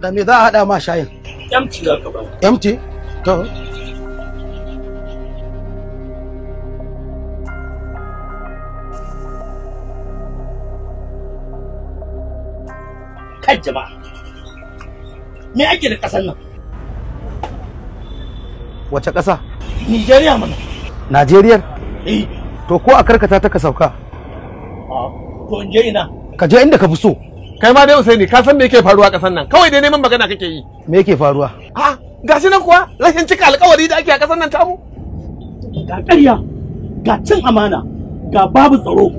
da me za a hada ma shayin empty za ka ba empty to kan jama'a me ake da kasan nan wace ƙasa nigeria mana nigeria eh to ko a karkata ta ka sauka ah, to je ina ka je inda ka fi so kai ma dai Usaini ka san me yake faruwa kasan nan kawai dai neman magana kake yi me yake faruwa a gashi nan kuwa rashin cika alƙawari da ake a kasan nan tamu ga ƙarya ga cin amana ga babu tsaro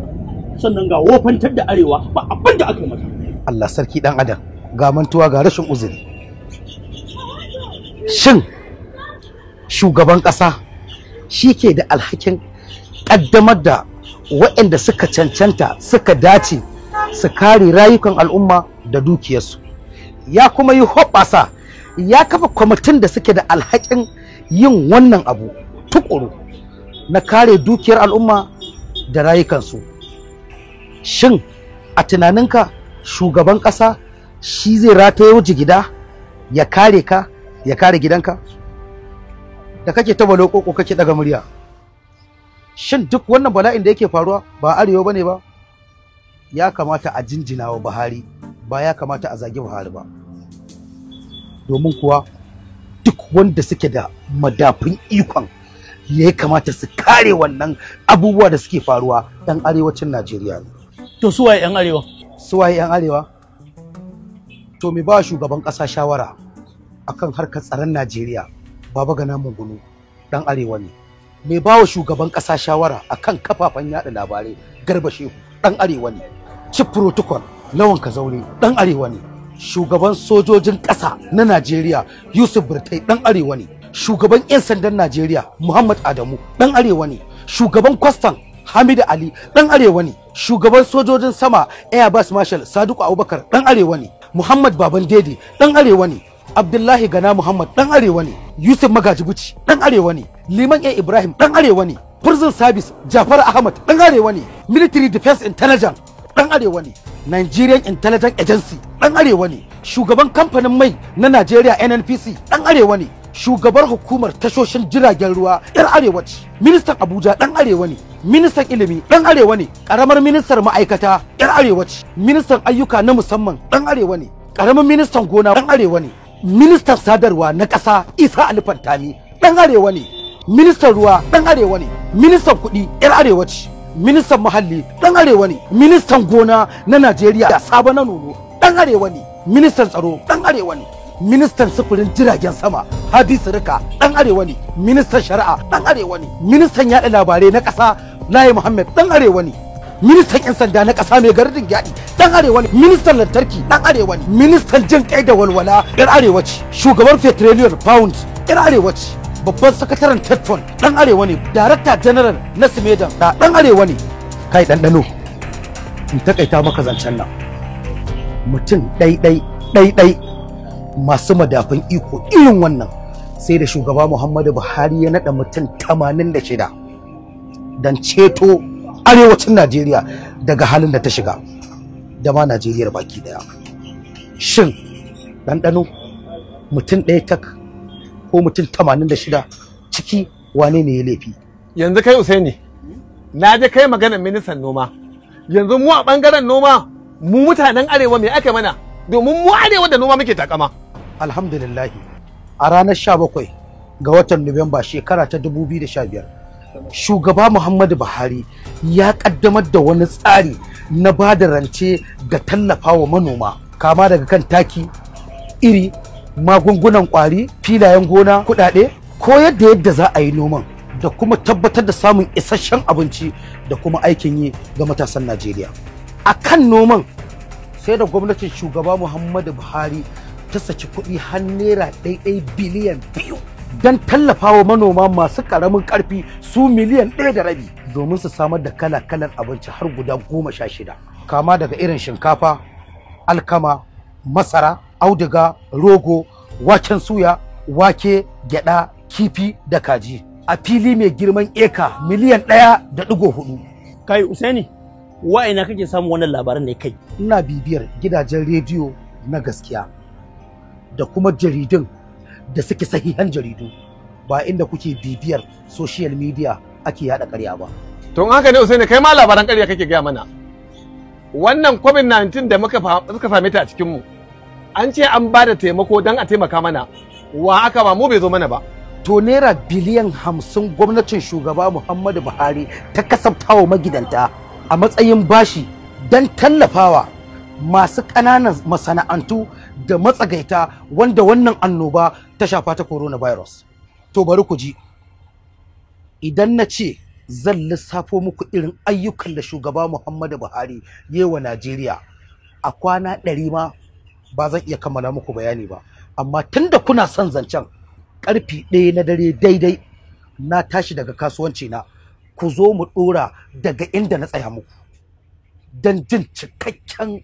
sannan ga wofantar da arewa ba abin da aka yi mata Allah sarki dan adam ga mantuwa ga rashin uzuri shin shugaban ƙasa shi ke da alhakin ƙaddamar da waɗanda suka cancanta suka dace su kare rayukan al'umma da dukiyarsu ya kuma yi hoɓasa ya kafa kwamitin da suke da alhakin yin wannan abu tukuru na kare dukiyar al'umma da rayukansu shin a tunaninka shugaban ƙasa shi zai wuce gida, ya kare ka ya kare gidanka da kake ta baloko kake daga murya shin duk wannan bala'in da yake faruwa ba arewa bane ba ya kamata a jinjina wa buhari ba ya kamata a zagi buhari ba domin kuwa duk wanda suke da madafin ikon ya kamata su kare wannan abubuwa da suke faruwa 'yan arewacin najeriya ne to suwa 'yan arewa Suwa 'yan arewa to me ba shugaban ƙasa shawara akan harkar tsaron najeriya baba gana mungunu Ɗan arewa ne mai ba wa shugaban ƙasa shawara akan kafafen yaɗa labarai garba shehu Ɗan arewa ne chief protocol lawan Kazauri dan arewa ne shugaban sojojin ƙasa na najeriya yusuf birtai dan arewa ne shugaban 'yan sandan najeriya muhammad adamu dan arewa ne shugaban kwastan hamidu ali dan arewa ne shugaban sojojin sama airbus marshal sadiku abubakar dan arewa ne muhammad baban dede dan arewa ne abdullahi gana muhammad dan arewa ne yusuf magajibuci dan arewa ne liman ibrahim dan arewa ne prison service jafar ahmad dan arewa ne military defense intelligence dan arewa ne Nigerian Intelligence Agency dan arewa ne shugaban kamfanin mai na nigeria NNPC dan arewa ne shugabar hukumar tashoshin jiragen ruwa yar arewa ce ministan Abuja dan arewa ne ministan ilimi dan arewa ne karamar ministar ma'aikata yar arewa ce ministan ayyuka na musamman dan arewa ne karamin ministan gona dan arewa ne ministan sadarwa na ƙasa Isa Alfantami dan arewa ne ministan ruwa dan arewa ne ministan kuɗi yar arewa ce ministan muhalli dan arewa ne ministan gona na najeriya da sabo na nono dan arewa ne ministan tsaro dan arewa ne ministan sufurin jiragen sama hadi rika dan arewa ne ministan shari'a dan arewa ne ministan yada labarai na ƙasa, layi muhammad dan arewa ne ministan 'yan sanda na ƙasa mai garin gyaɗi ɗan arewa ne ministan lantarki ɗan arewa ne ministan jin kai da walwala 'yar arewa ce shugaban petroleum pound 'yar arewa ce babban sakataren tetfon dan arewa ne director general na simedan da dan arewa ne kai ɗanɗano in takaita maka zancen nan mutum ɗaiɗai ɗaiɗai masu madafin iko irin wannan sai da shugaba muhammadu buhari ya naɗa mutum 86 don ceto arewacin najeriya daga halin da ta shiga da ma najeriyar baki daya shin ɗanɗano mutum ɗaya tak ko mutum shida ciki wane ne ya laifi yanzu kai usaini na je kai maganar ministan noma yanzu mu a bangaren noma mu mutanen arewa me ake mana domin mu arewa da noma muke takama alhamdulillah a ranar 17 ga watan nuwamba shekara ta 2015 shugaba muhammadu buhari ya kaddamar da wani tsari na ba da rance da tallafawa manoma kama daga kan taki iri magungunan kwari filayen gona kudade ko yadda yadda za a yi noman da kuma tabbatar da samun isasshen abinci da kuma aikin yi ga matasan najeriya a kan noman sai da gwamnatin shugaba muhammadu buhari ta saki kuɗi har naira ɗaiɗai biliyan biyu don tallafawa manoma masu ƙaramin ƙarfi su miliyan ɗaya da rabi domin su samar da kala-kalan abinci har guda goma sha shida kama daga irin shinkafa alkama masara auduga rogo waken suya wake gyada kifi da kaji a fili mai girman eka miliyan ɗaya da ɗigo hudu kai usaini wa'ina kake samun wannan labaran ne kai ina bibiyar gidajen rediyo na gaskiya da kuma jaridun da suke sahihan jaridu ba inda kuke bibiyar social media ake yada karya ba to haka ne usaini kai ma labaran karya kake gaya mana wannan covid-19 da muka same ta a cikinmu mu an ce an ba da taimako don a taimaka mana wa aka ba mu bai zo mana ba to naira biliyan hamsin gwamnatin shugaba muhammadu buhari ta kasafta wa magidanta a matsayin bashi don tallafawa masu ƙananan masana'antu da matsagaita wanda wannan annoba ta shafa ta coronavirus to bari ku ji idan na ce zan lissafo muku irin ayyukan da shugaba muhammadu buhari yi wa najeriya a kwana ɗari ma ba zan iya kammala muku bayani ba amma tunda kuna son zancen karfi ɗaya na dare daidai na tashi daga kasuwanci na ku zo mu ɗora daga inda na tsaya muku don jin cikakken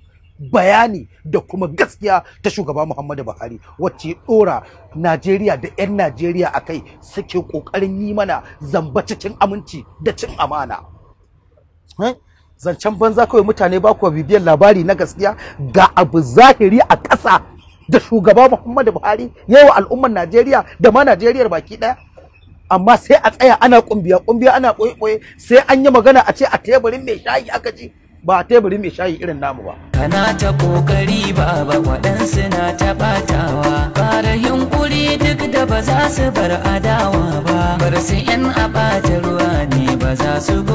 bayani da kuma gaskiya ta shugaba Muhammadu Buhari wacce ɗora Najeriya da 'yan Najeriya a kai suke ƙoƙarin yi mana zamba cikin aminci da cin amana. Eh? zancen banza kawai mutane ba kuwa bibiyar labari na gaskiya ga abu zahiri a ƙasa da shugaba Muhammadu Buhari yawa al'ummar Najeriya da ma Najeriyar baki ɗaya amma sai a tsaya ana kumbiya kumbiya ana koyi sai an yi magana a ce a teburin mai shayi aka ji ba teburin mai shayi irin namu ba. Kana ta kokari baba waɗansu na ta batawa fara yunkuri duk da ba za su bar adawa ba bar su yan a ruwa ne ba za su